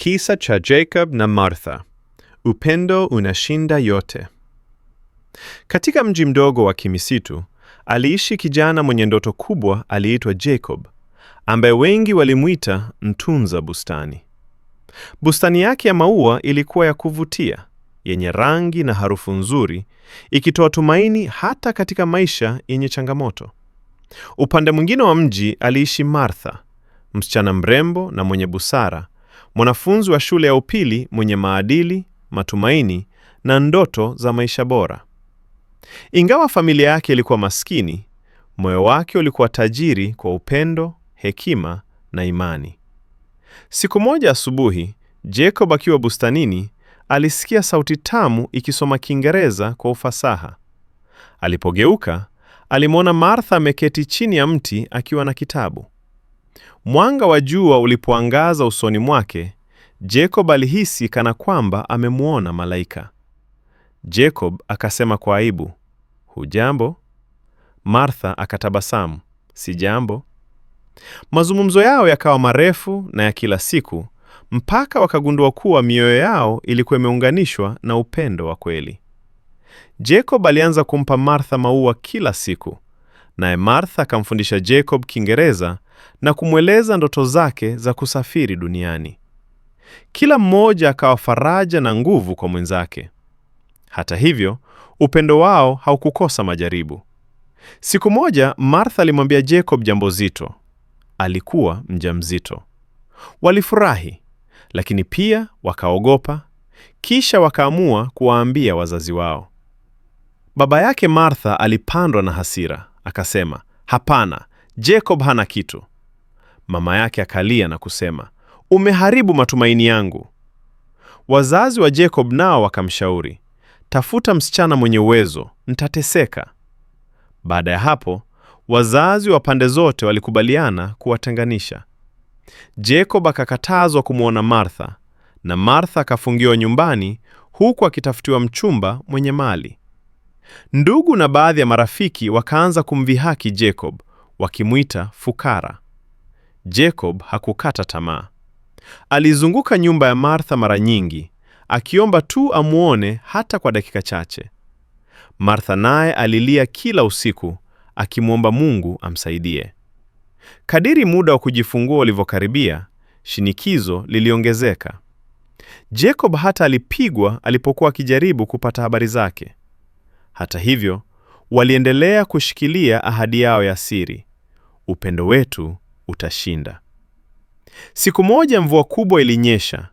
kisa cha Jacob na Martha, upendo unashinda yote. Katika mji mdogo wa kimisitu aliishi kijana mwenye ndoto kubwa aliyeitwa Jacob, ambaye wengi walimwita mtunza bustani. Bustani yake ya maua ilikuwa ya kuvutia, yenye rangi na harufu nzuri, ikitoa tumaini hata katika maisha yenye changamoto. Upande mwingine wa mji aliishi Martha, msichana mrembo na mwenye busara mwanafunzi wa shule ya upili mwenye maadili, matumaini na ndoto za maisha bora. Ingawa familia yake ilikuwa maskini, moyo wake ulikuwa tajiri kwa upendo, hekima na imani. Siku moja asubuhi, Jacob akiwa bustanini, alisikia sauti tamu ikisoma Kiingereza kwa ufasaha. Alipogeuka, alimwona Martha ameketi chini ya mti akiwa na kitabu. Mwanga wa jua ulipoangaza usoni mwake, Jacob alihisi kana kwamba amemwona malaika. Jacob akasema kwa aibu, hujambo? Martha akatabasamu, sijambo. Mazungumzo yao yakawa marefu na ya kila siku mpaka wakagundua kuwa mioyo yao ilikuwa imeunganishwa na upendo wa kweli. Jacob alianza kumpa Martha maua kila siku, naye Martha akamfundisha Jacob Kiingereza na kumweleza ndoto zake za kusafiri duniani. Kila mmoja akawa faraja na nguvu kwa mwenzake. Hata hivyo, upendo wao haukukosa majaribu. Siku moja, Martha alimwambia Jacob jambo zito. Alikuwa mjamzito. Walifurahi, lakini pia wakaogopa, kisha wakaamua kuwaambia wazazi wao. Baba yake Martha alipandwa na hasira, akasema, "Hapana, Jacob hana kitu. Mama yake akalia na kusema, umeharibu matumaini yangu. Wazazi wa Jacob nao wakamshauri, tafuta msichana mwenye uwezo, ntateseka Baada ya hapo, wazazi wa pande zote walikubaliana kuwatenganisha. Jacob akakatazwa kumwona Martha na Martha akafungiwa nyumbani huku akitafutiwa mchumba mwenye mali. Ndugu na baadhi ya marafiki wakaanza kumvihaki Jacob wakimwita fukara. Jacob hakukata tamaa. Alizunguka nyumba ya Martha mara nyingi, akiomba tu amwone hata kwa dakika chache. Martha naye alilia kila usiku, akimwomba Mungu amsaidie. Kadiri muda wa kujifungua ulivyokaribia, shinikizo liliongezeka. Jacob hata alipigwa alipokuwa akijaribu kupata habari zake. Hata hivyo, waliendelea kushikilia ahadi yao ya siri: upendo wetu utashinda. Siku moja mvua kubwa ilinyesha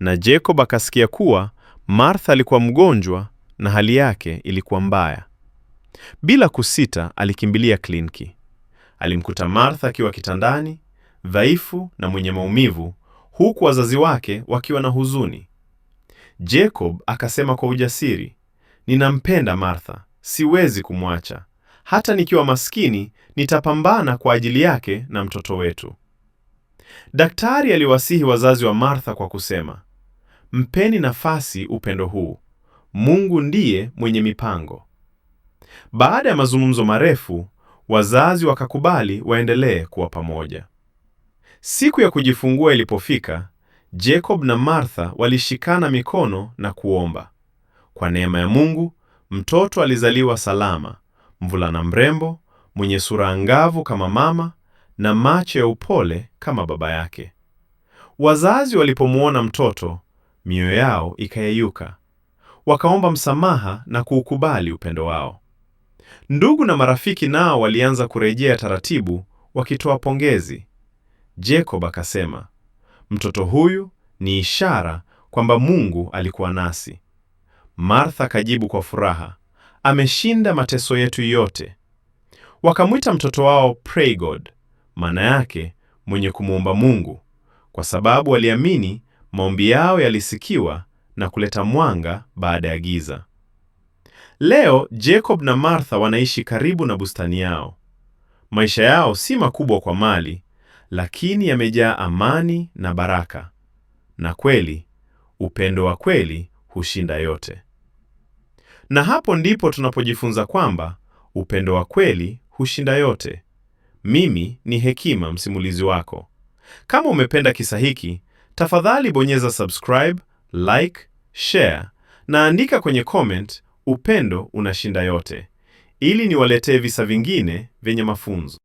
na Jacob akasikia kuwa Martha alikuwa mgonjwa na hali yake ilikuwa mbaya. Bila kusita, alikimbilia kliniki. Alimkuta Martha akiwa kitandani, dhaifu na mwenye maumivu, huku wazazi wake wakiwa na huzuni. Jacob akasema kwa ujasiri, ninampenda Martha, siwezi kumwacha hata nikiwa maskini nitapambana kwa ajili yake na mtoto wetu. Daktari aliwasihi wazazi wa Martha kwa kusema, mpeni nafasi upendo huu, Mungu ndiye mwenye mipango. Baada ya mazungumzo marefu, wazazi wakakubali waendelee kuwa pamoja. Siku ya kujifungua ilipofika, Jacob na Martha walishikana mikono na kuomba. Kwa neema ya Mungu, mtoto alizaliwa salama mvulana mrembo mwenye sura angavu kama mama na macho ya upole kama baba yake. Wazazi walipomwona mtoto, mioyo yao ikayeyuka, wakaomba msamaha na kuukubali upendo wao. Ndugu na marafiki nao walianza kurejea taratibu, wakitoa pongezi. Jacob akasema, mtoto huyu ni ishara kwamba Mungu alikuwa nasi. Martha akajibu kwa furaha, ameshinda mateso yetu yote. Wakamwita mtoto wao Pray God, maana yake mwenye kumwomba Mungu, kwa sababu waliamini maombi yao yalisikiwa na kuleta mwanga baada ya giza. Leo Jacob na Martha wanaishi karibu na bustani yao. Maisha yao si makubwa kwa mali, lakini yamejaa amani na baraka. Na kweli, upendo wa kweli hushinda yote. Na hapo ndipo tunapojifunza kwamba upendo wa kweli hushinda yote. Mimi ni Hekima, msimulizi wako. Kama umependa kisa hiki, tafadhali bonyeza subscribe, like, share na andika kwenye comment upendo unashinda yote, ili niwaletee visa vingine vyenye mafunzo.